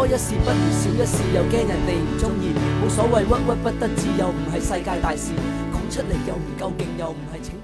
多一事不如少一事，又驚人哋唔中意，冇所謂，鬱鬱不得志，又唔係世界大事，講出嚟又唔夠勁，又唔係請。